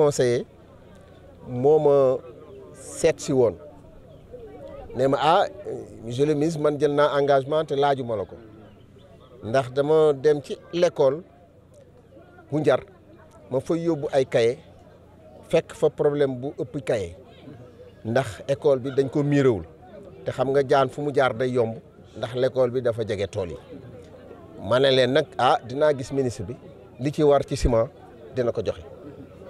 conseiller moo ma seet si woon ne ma ah monsieur le ministre man jël naa engagement te laajuma la ko ndax dama dem ci l'école bu njar ma fa yóbbu ay kaye fekk fa problème bu ëpp kaye ndax école bi dañ ko miiréwul te xam nga jaan fu mu jaar day yomb ndax l'école bi dafa jege tool yi ma ne leen nag ah dinaa gis ministre bi li ci war ci ciment dina ko joxe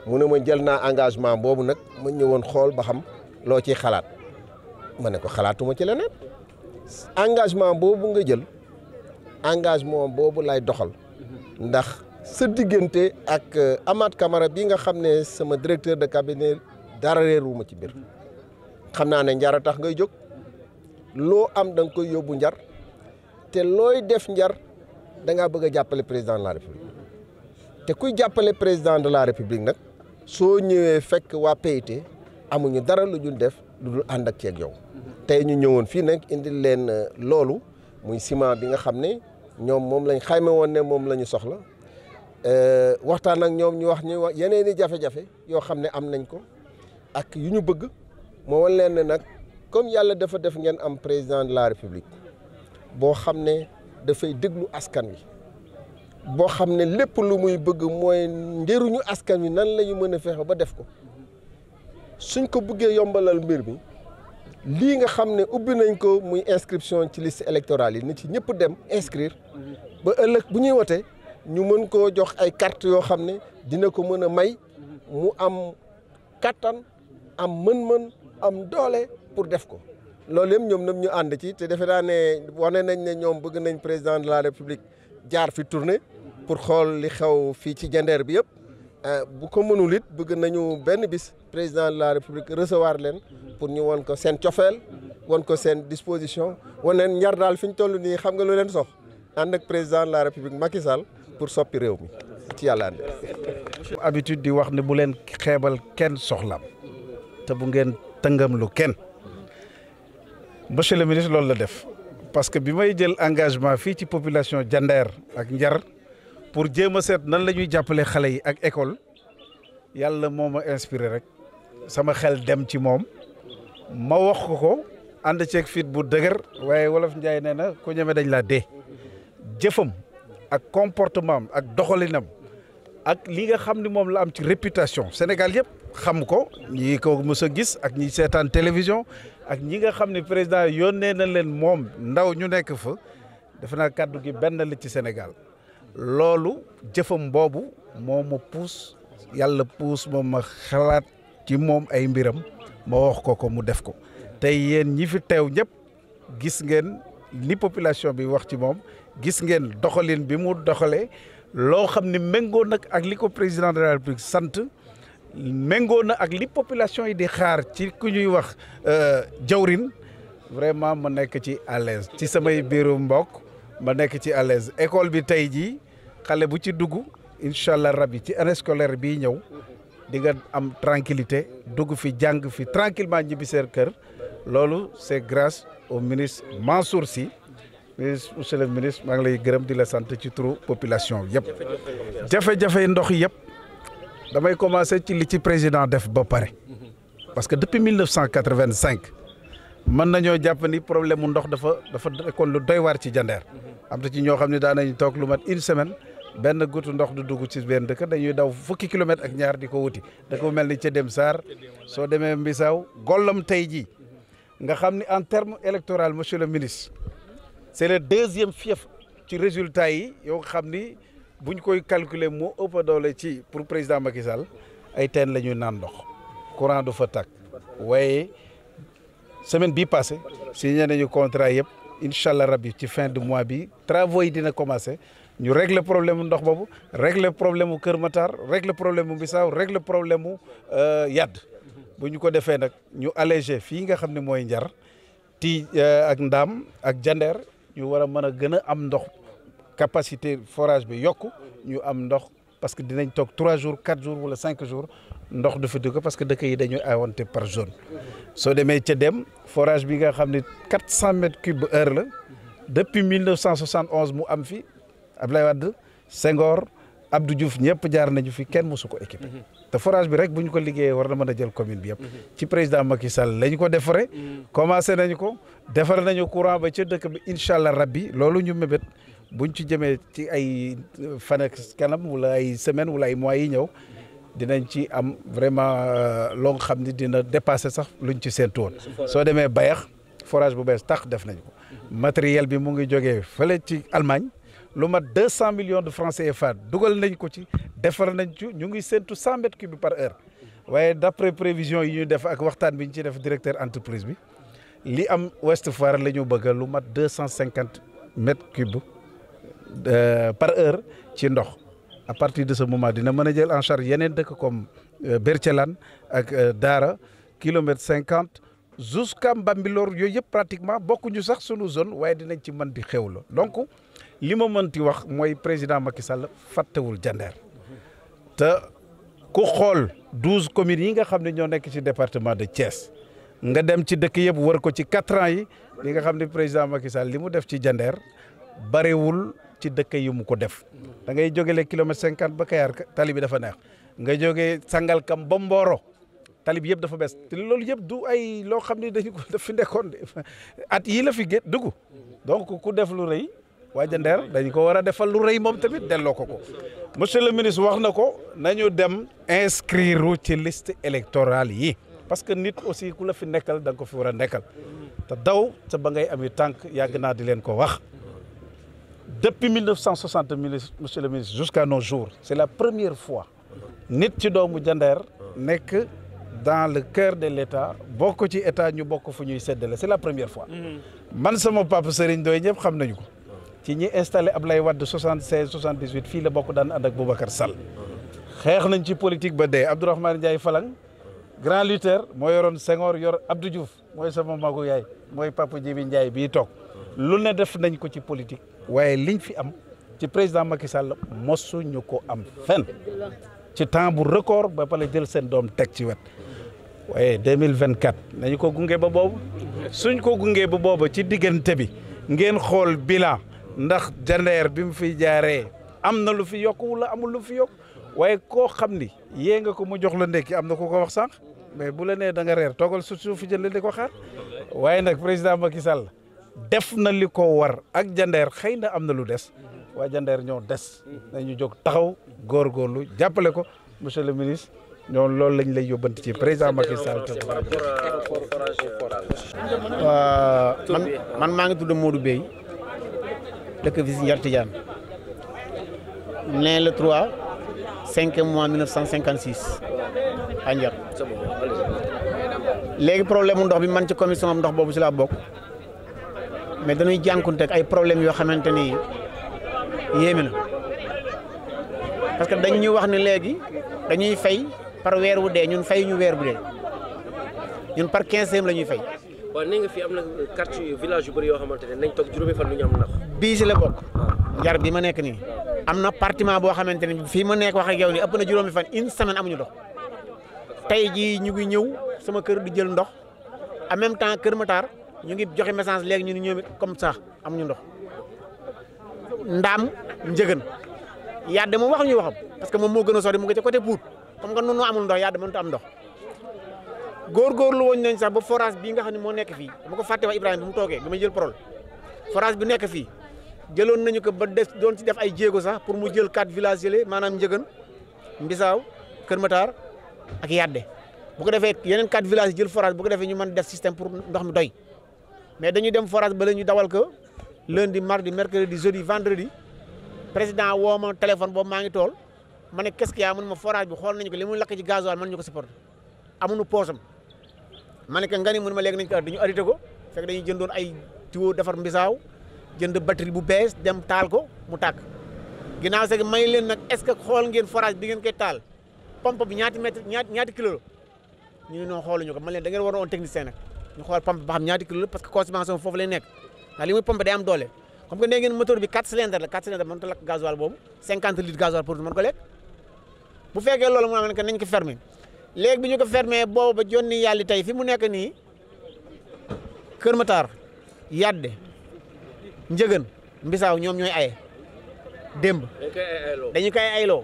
mu ne ma jël naa engagement boobu nag ma ñëwoon xool ba xam loo ciy xalaat ma ne ko xalaatuma ci leneen engagement boobu nga jël engagement boobu lay doxal ndax sa diggante ak euh, amaat Camara bi nga xam ne sama directeur de cabinet dara réeruma ci biir xam naa ne njara tax ngay jóg loo am da nga koy yóbbu njar te looy def njar da ngaa bëgg jàppale président de la république te kuy jàppale président de la république nag soo ñëwee fekk waa PIT amuñu dara lu ñu def lu dul ànd ak ceeg yow tey ñu ñëwoon fii nag indil leen euh, loolu muy ciment bi nga xam ne ñoom moom lañ xayma woon ne moom la ñu soxla euh, waxtaan ak ñoom ñu wax ñu wax yeneen i jafe-jafe yoo xam ne am nañ ko ak yu ñu bëgg moo wan leen ne nag comme yàlla dafa def ngeen am président de la république boo xam ne dafay déglu askan wi boo xam ne lépp lu muy bëgg mooy njëriñu askan wi nan lañu mën a fexe ba def ko suñ ko bëggee yombalal mbir mi lii nga xam ne ubbi nañ ko muy inscription ci liste électorale yi ni ci ñëpp dem inscrit ba ëllëg bu ñuy wote ñu mën koo jox ay kart yoo xam ne dina ko mën a may mu am kattan am mën-mën am doole pour def ko loolu yëpp ñoom ñoom ñu ànd ci te defe naa ne wane nañ ne ñoom bëgg nañ président de la république jaar fi tournée pour xool li xew fii ci Diender bi yëpp euh, bu ko mënul it bëgg nañu benn bis président la république recevoir leen pour ñu won ko seen cofeel won ko seen disposition wan leen ñaar daal fi ñu toll nii xam nga lu leen sox ànd ak président la république Macky pour soppi réew mi ci yàlla ànd habitude di wax ne bu leen xeebal kenn soxlam te bu ngeen tëngam lu kenn monsieur le ministre loolu la def parce que bi may jël engagement fii ci population Jandeer ak Njar pour jéem a seet nan la ñuy jàppale xale yi ak école yàlla moo ma inspiré rek sama xel dem ci moom ma wax ko ko ànd ceeg fit bu dëgër waaye wolof Njaay nee na ku ñeme dañ laa dee jëfam ak comportement ak doxalinam ak li nga xam ni moom la am ci réputation Sénégal yëpp xam ko ñi ko mës a gis ak ñi seetaan télévision ak ñi nga xam ne président yónnee na leen moom ndaw ñu nekk fa defe naa kàddu gi benn la ci Sénégal loolu jëfam boobu moo ma puus yàlla puus moom ma xalaat ci moom ay mbiram ma wax ko ko mu def ko tey yéen ñi fi teew ñëpp gis ngeen ni population bi wax ci moom gis ngeen doxalin bi mu doxalee loo xam ne méngoo nag ak li ko président de la république sant méngoo na ak li population yi di xaar ci ku ñuy wax euh, jawrin vraiment ma nekk ci à l'aise ci samay biiru mbokk ma nekk ci à l'aise école bi tey jii xale bu ci dugg incha allah yi ci année scolaire bii ñëw di nga am tranquillité dugg fi jàng fi tranquillement ñibbi seen loolu c'est grâce au ministre Mansour Sy ministre monsieur le ministre maa ngi lay gërëm di la sant ci turu population yëpp jafe-jafe ndox yëpp damay commencer ci li ci président def ba pare parce que depuis 1985 mën nañoo jàpp ni problème mu ndox dafa dafa nekkoon lu doy war ci jandeer am na ci ñoo xam ne daan nañu toog lu mat une semaine benn gutu ndox du dugg ci benn dëkk dañuy daw fukki kilomètres ak ñaar di ko wuti da ko mel ni ca dem saar soo demee Mbisaaw gollam tey jii nga xam ni en terme électoral monsieur le ministre c'est le deuxième fief ci résultat yi yow xam ni. bu buñ koy calculer mu ëpp doole ci pour président Macky ay teen la ñuy naan ndox courant du fa tàkk waaye semaine bii passé signé nañu contrat yëpp incha allah rabbi ci fin de mois bi travaux yi dina commencé ñu régler problème mu ndox boobu régler problème mu Kër Matar régler problème mu Bissau régler problème mu euh, Yad bu ñu ko defee nag ñu allégé fii nga xam ni mooy njar ti euh, ak ndaam ak jander ñu war a mën a gën a am ndox capacité forage bi yokk ñu am ndox parce que dinañ toog trois jours quatre jours wala cinq jours ndox du fi dugg parce que dëkk yi dañuy awante par zone soo demee ca dem forage bi nga xam ne quatre cent mètres cube heure la depuis mille neuf cent soixante onze mu am fi Abdoulaye Wade Senghor Abdou ñëpp jaar nañu fi kenn mosu ko équipé mhm. te forage bi rek bu ñu ko liggéeyee war na mën a jël commune bi yëpp mhm. ci président Macky Sall lañ ko defaree mhm. commencé nañu ko defar nañu courant ba ca dëkk bi buñ ci jëmee ci ay fan kenam wala ay semaine wala ay mois ñëw dinañ ci am vraiment euh, long xam ni dina dépasser sax luñ ci séntu woon soo demee bayax forage bu bees tax def nañ ko matériel bi mu ngi jógee fële ci Allemagne lu mat deux cent millions de francs CFA dugal nañ ko ci defar nañ ci ñu ngi séntu cent mètres cubes par heure waaye d'après prévision yi ñu def ak waxtaan bi ñu ci def directeur entreprise bi li am Ouest Foire la ñu bëgg lu mat deux cent cinquante mètres cubes Euh, par heure ci ndox à partir de ce moment dina mën a jël en yeneen dëkk comme euh, Berthialane ak euh, Daara kilomètre cinquante jusqu'à Mbambilor yooyu yëpp pratiquement bokkuñu sax sunu zone waaye dinañ ci mën di xewlo donc li man mënti wax mooy président Macky Sall fàttewul jander te ku xool douze communes yi nga xam ne ñoo nekk ci département de Thiès nga dem ci dëkk yëpp wër ko ci quatre ans yi li nga xam ne président Macky Sall li mu def ci Jandeer barewul ci dëkk yi mu ko def da ngay jógele kilomètre cinquante ba Kayar tali bi dafa neex nga jógee Sangalkam ba Mboro talibi bi yëpp dafa bees te loolu yëpp du ay loo xam ne dañu ko def fi nekkoon at yii la fi gé dugg donc ku def lu rëy waaja dañ ko war a defal lu rëy moom tamit delloo ko ko monsieur le ministre wax na ko nañu dem inscrire ci liste électorale yi parce que nit aussi ku la fi nekkal da nga ko fi war a nekkal te daw te ba ngay am yu tànk yàgg naa di leen ko wax depuis 1960 monsieur le ministre jusqu'à nos jours c'est la première fois nit ci doomu Jandeer nekk dans le cœur de l'État bokk ci état ñu bokk fu ñuy séddale c'est la première fois mhm. man sama pap Serigne Doye ñëpp xam nañu ko ci ñi installé Ablaye Wade 76 78 fii la bokk daan ànd ak Boubacar Sall xeex nañ ci politique ba dee Abdourahmane Ndiaye Falang grand lutteur moo yoroon Senghor yor Abdou Diouf mooy sama magu yaay mooy papa Djibi Ndiaye bii toog lu ne def nañ ko ci politique waaye liñ fi am ci président Macky la mos suñ ko am fen ci temps bu record ba pare jël seen doom teg ci wet waaye 2024 nañu ko gunge ba boobu suñ ko gunge ba boobu ci diggante bi ngeen xool bilan ndax jandeer bi mu fi jaaree am na lu fi yokk wala amul lu fi yokk waaye koo xam ni yee nga ko mu jox la ndekki am na ko ko wax sànq mais bu la da nga reer toogal su suuf jël di ko xaar waaye nag président Macky def na li ko war ak jandeer xëy na am na lu des waa jandeer ñoo des nañu jóg taxaw lu jàppale ko monsieur le ministre ñoom loolu lañ lay yóbbanti ci président Macky Sall te euh, man man maa ngi tudd Modou Bey dëkk fi si Ndiar Tidiane né le 3 5 mois 1956 à Ndiar léegi problème mu ndox bi man ci commission am ndox boobu ci laa bokk mais dañuy jànkunte ak ay problème yoo xamante ni yéeme na parce que dañ ñu wax ne léegi dañuy fay par weer wu dee ñun fay ñu weer bu dee ñun par quinzième la ñuy fay. waaw nee nga fi am na quartier village yu bëri yoo ne nañ toog juróomi lu ñu am ndax. bii si bi ma nekk nii. am na partiment boo xamante ne fii ma nekk wax ak yow nii ëpp na juróomi fan une semaine amuñu ndox tey jii ñu ngi ñëw sama kër di jël ndox en même temps Kër Matar. ñu ngi joxe message léegi ñu ni ñoom it comme ça amuñu ndox ndaam njëgën yàdd moom waxuñu waxam parce que moom moo gën a sori mu ngi ca côté Pout comme que noonu amul ndox yàdd mënut am ndox góorgóorlu woon nañ sax ba forage bii nga xam ne moo nekk fii dama ko fàtte wax Ibrahima bi mu toogee bi ma jël parole forage bi nekk fii jëloon nañu ko ba des doon si def ay jéego sax pour mu jël quatre villages yële maanaam njëgën mbisaaw Kër Matar ak yàdde bu ko defee yeneen jël forage bu defee ñu mën def système pour ndox mi doy mais dañuy dem forage ba la ñu dawal ko lundi mardi mercredi jeudi vendredi président woo ma téléphone boobu maa ngi tool ma ne qu'est-ce mun ma forage bi xool nañu ko li mu lakk ci gasoil mën ñu ko supporter amuñu poosam ma ne que nga ni mun ma léegi nañ ko dañu arrêté ko fekk dañuy jëndoon ay tuyau defar mbisaaw jënd batterie bu bees dem taal ko mu tàkk ginnaaw sax may leen nag est-ce que xool ngeen forage bi ngeen koy taal pompe bi ñaati mètre ñaati ñaati kilo ñu ne noon xooluñu ko man leen da ngeen waroon technicien nag ñu xool pompe ba xam ñaati kilo la parce que consommation foofu lay nekk ndax li muy pompe day am doole comme que nee ngeen moteur bi 4 cylindres la 4 cylindres mënut a lakk gasoil boobu 50 litres gasoil pour mën ko lekk bu fekkee loolu mu am ne nañ ko fermer léegi bi ñu ko fermer boobu ba jonni yàlla tey fi mu nekk nii Kër Matar Yadde Njëgën Mbisaaw ñoom ñooy aye démb dañu koy ayloo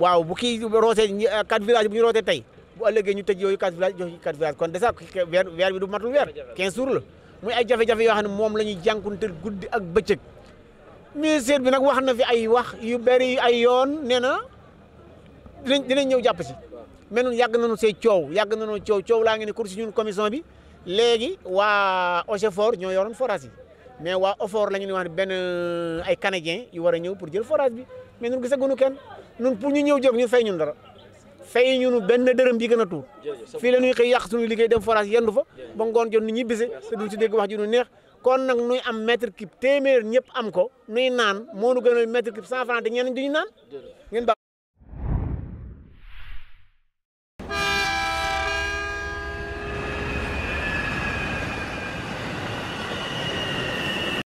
waaw bu kii roosee quatre villages bu ñu roosee tey bu ëllëgee ñu tëj yooyu quatre villages jox ñu quatre villages kon déjà weer weer bi du matul weer 15 jours la muy ay jafe-jafe yoo xam ne moom lañuy ñuy jànkuwanteel guddi ak bëccëg ministère bi nag wax na fi ay wax yu bëri ay yoon nee na dinañ ñëw jàpp si mais ñun yàgg nañu see coow yàgg nañoo cow coow laa ngi ne kur si ñun commission bi léegi waa Ogefor ñoo yoroon forage yi mais waa Ofor la ñu wax ne benn ay canadien yu war a ñëw pour jël forage bi mais ñun gisaguñu kenn ñun pour ñu ñëw jóg ñu fay ñun dara. fay ñunu benn dërëm bi gën a tuut fii la ñuy xëy yàq suñu liggéey dem forage yendu fa ba ngoon nu ñuy bise te duñ si dégg wax ji nu neex kon nag nuy am mètre cube téeméer ñëpp am ko nuy naan moo nu gën a mètre cube cent franc te ñeneen duñu naan